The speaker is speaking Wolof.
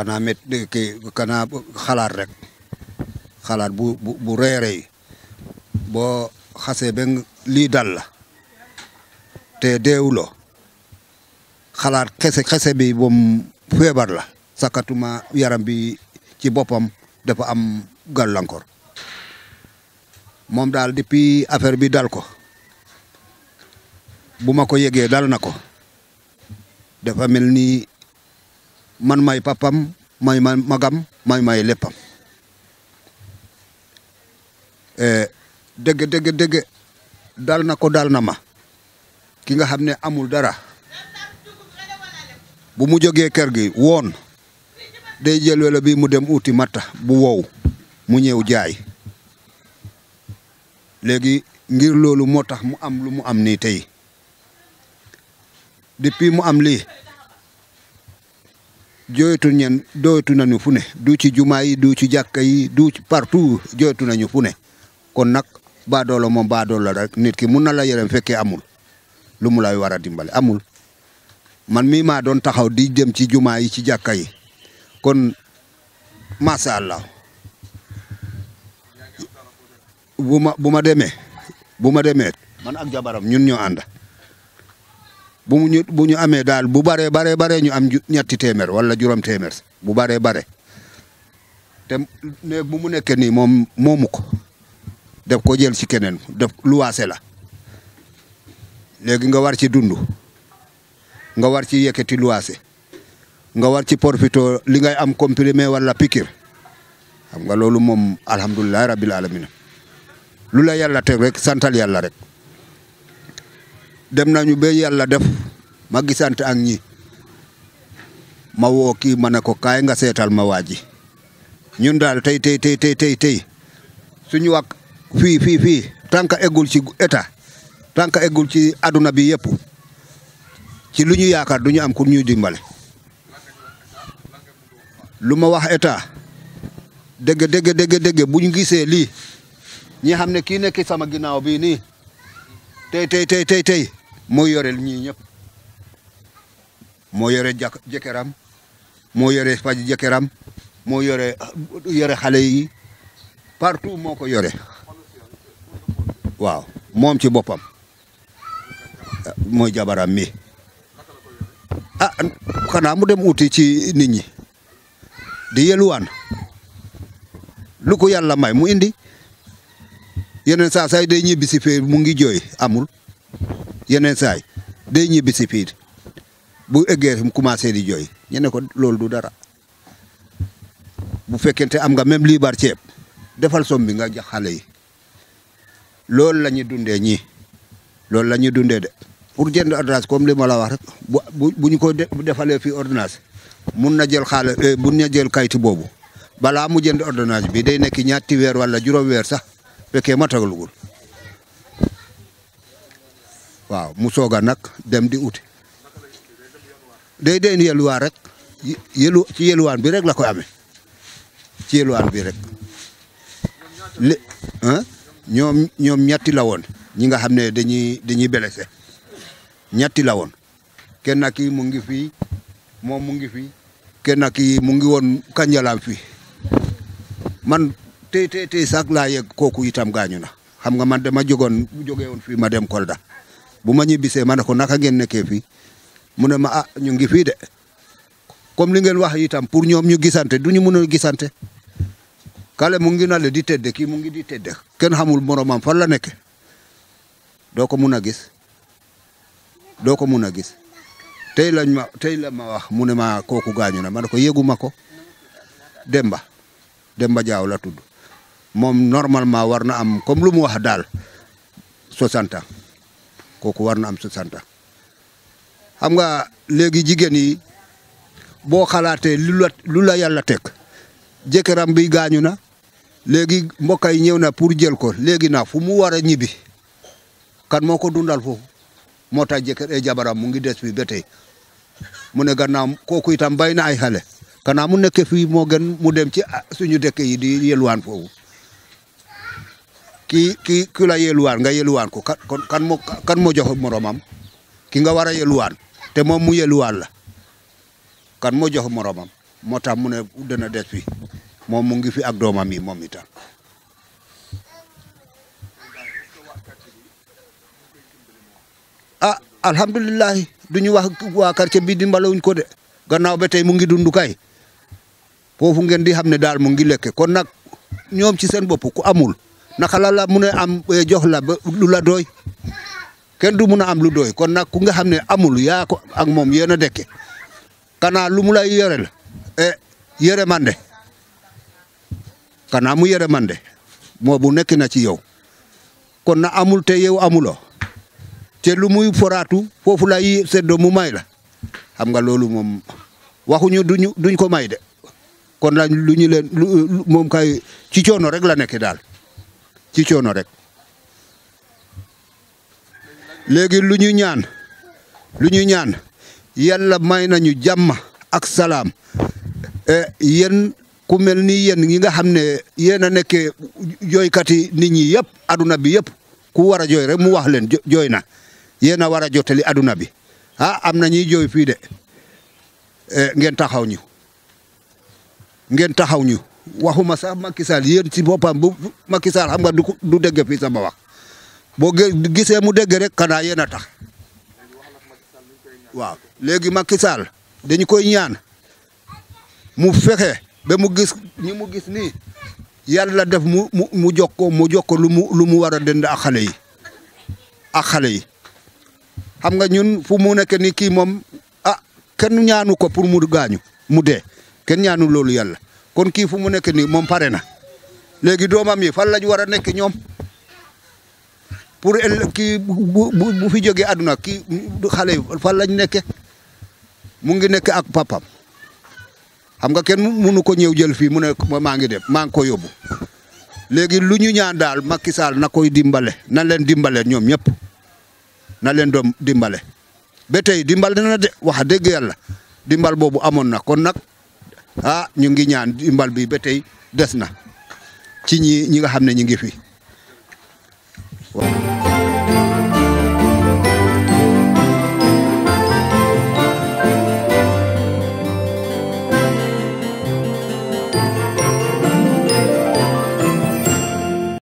kanaa mét kii kanaa xalaat rek xalaat bu bu bu reeree boo xasee ba lii dal la te deewuloo xalaat kese xese bi moom feebar la sakatuma yaram bi ci boppam dafa am gàllankoor moom daal depuis affaire bi dal ko bu ma ko yëgee dal na ko dafa mel ni man may papam may ma magam may may léppam eh, dëgg dëgg dëgg dal na ko dal na ma ki nga xam ne amul dara bu mu jógee kër gi woon day jël bi mu dem uti matta bu wow mu ñëw jaay léegi ngir loolu moo tax mu am lu mu am nii tey depuis mu am lii jooytu ñen jooytu nañu fu ne du ci jumaa yi du ci jàkka yi du ci partout jooytu nañu fu ne kon nag baadoola moom baadoola rek nit ki mun na la yërëm fekkee amul lu mu lay war a dimbale amul man mii maa doon taxaw di dem ci jumaa yi ci jàkka yi kon macha allah bu ma bu ma demee bu ma demee man ak jabaram ñun ñoo ànd bu ñu bu ñu amee daal bu baree baree baree ñu am ñetti téeméer wala juróom téeméer bu baree bare te ne bu mu nekkee nii moom moomu ko def ko jël ci keneen def luwaase la léegi nga war ci dund nga war ci yëkkati luwaase nga war ci profito li ngay am comprimé wala pikir xam nga loolu moom alhamdulilah rabil alamin lu la yàlla teg rek santal yàlla rek dem ñu ba yàlla def ma gisante ak ñi ma woo ko nga seetal ma waa ji ñun daal tey tay tay tey tey tey suñu wax fii fii fii tànk eggul ci état tànk eggul ci aduna bi yëpp ci lu ñu yaakaar du ñu am ku ñu dimbale lu ma wax état dégg dégg dégg dégg bu ñu gisee lii ñi xam ne kii nekk sama ginnaaw bii nii tey tey tey tey tey mooy yorel ñii ñëpp moo yore jàkk moo yore faj jëkkëram moo yore yore xale yi partout moo ko yore waaw moom ci boppam mooy jabaram mi ah xanaa mu dem uti ci nit ñi di yeluwaan lu ko yàlla may mu indi yeneen saa saay day ñibbi si fii mu ngi jooy amul yeneen saay day ñibbi si fii bu eggee fi mu commencé di jooy ñu ne ko loolu du dara bu fekkente am nga même liibar ceeb defal som bi nga jox xale yi loolu la ñuy dundee ñii loolu la ñuy dundee de pour jënd ordonnance comme li ma la wax rek bu bu ñu ko defalee fii ordonnance mun na jël xaale eh, mun na jël kayitu boobu balaa mu jënd ordonnance bi day nekk ñaati weer wala juróom weer sax fekkee ma tagalugul waaw mu soog a nag dem di uti. day deen yelwaan rek yelu ci yelwaan bi rek la koy amee ci yelwaan bi rek li ah, ñoom ñoom ñetti la woon ñi nga xam ne dañuy dañuy blessé ñetti la woon kenn ki mu ngi fii moom mu ngi fii kenn ki mu ngi woon kanjalaam fii man tey tey tey sax laa yegg kooku itam gaañu na xam nga man dama jógoon jógee woon fii ma dem Kolda bu ma ñibbisee ma ne ko naka ngeen nekkee fii mu ne ma ah ñu ngi fii de comme li ngeen wax itam pour ñoom ñu gisante du ñu mën a gisante kale mu ngi nale di tedde kii mu ngi di tedde kenn xamul moromam fan la nekk doo ko mun a gis doo ko mun a gis tey lañ ma tey la ma wax mu ne ma kooku gaañu na ma ne ko yëguma ko Demba Demba Jaaw la tudd moom normalement war na am comme lu mu wax daal soixante ans kooku war na am soixante ans xam nga léegi jigéen yi boo xalaatee lu la lu yàlla teg jëkkëram bi gaañu na léegi mbokk yi ñëw na pour jël ko léegi na fu mu war a ñibbi kan moo ko dundal foofu moo tax jëkkër e jabaram mu ngi des fi ba tey mu ne gannaaw kooku itam bay na ay xale kanaa mu nekk fii moo gën mu dem ci ah, suñu dëkk yi di yelwaan foofu ki ki ku la yelwaan nga yelwaan ko kan kan moo kan moo jox moromam ki nga war a yelwaan te mom mu yëluwaat la kan mo jox moromam motam mu ne dana def fi mom mu ngi fi ak domam yi mom itam ah alhamdullilah duñu wax wa quartier bi dimbalewuñ ko de gannaaw ba mu ngi dundu kay fofu ngeen di xamne dal mu ngi lek kon nak ñom ci seen bop ku amul nakalala la mu ne am eh, jox la lu la doy kenn du mun a am lu doy kon nag ku nga xam ne amul yaa ak moom yéen a dekke kanaa lu mu lay yorel e yére mande kanaa mu yére mande moo bu nekk na ci yow kon na amul te yow amuloo te lu muy foraatu foofu lay seddoo mu may la xam nga loolu moom waxuñu duñu duñ ko may de kon la lu ñu leen moom kay ci coono rek la nekk daal ci coono rek léegi lu ñu ñaan lu ñu ñaan yàlla may nañu jàmm ak salaam eh, yen ku mel ni yéen ñi nga xam ne yéen joy nekkee jooykati nit ñi yëpp aduna bi yëpp ku war a jooy rek mu wax leen jooy na yéen a war a jottali aduna bi ah am na ñuy jooy fii de eh, ngeen taxaw ñu ngeen taxaw ñu waxuma sax Macky Sall yéen ci boppam bu Macky xam nga du dégg fii sama wax. boo gisee mu dégg rek xanaa yéen a tax waaw léegi Macky Sall dañu koy ñaan mu fexe ba mu gis ñi mu gis nii yàlla def mu mu mu jox ko mu jox ko lu mu lu mu war a dënd ak xale yi ak xale yi xam nga ñun fu mu nekk ni kii moom ah kenn ñaanu ko pour mu gaañu mu dee kenn ñaanu loolu yàlla kon kii fu mu nekk nii moom pare na léegi doomam yi fan lañ war a nekk ñoom. pour ëllëg bu fi jógee àdduna kii xale yi fan lañ mu ngi nekk ak papam xam nga kenn mënu ko ñëw jël fii mu ne maa ngi dem maa ngi ko yóbu léegi lu ñu ñaan daal Macky Sall na koy dimbale na leen dimbale ñoom ñëpp na leen doom dimbale ba tey dimbal na de wax dëgg yàlla dimbal boobu amoon na kon nag ah ñu ngi ñaan dimbal bi ba tey des na ci ñi ñi nga xam ne ñu ngi fi.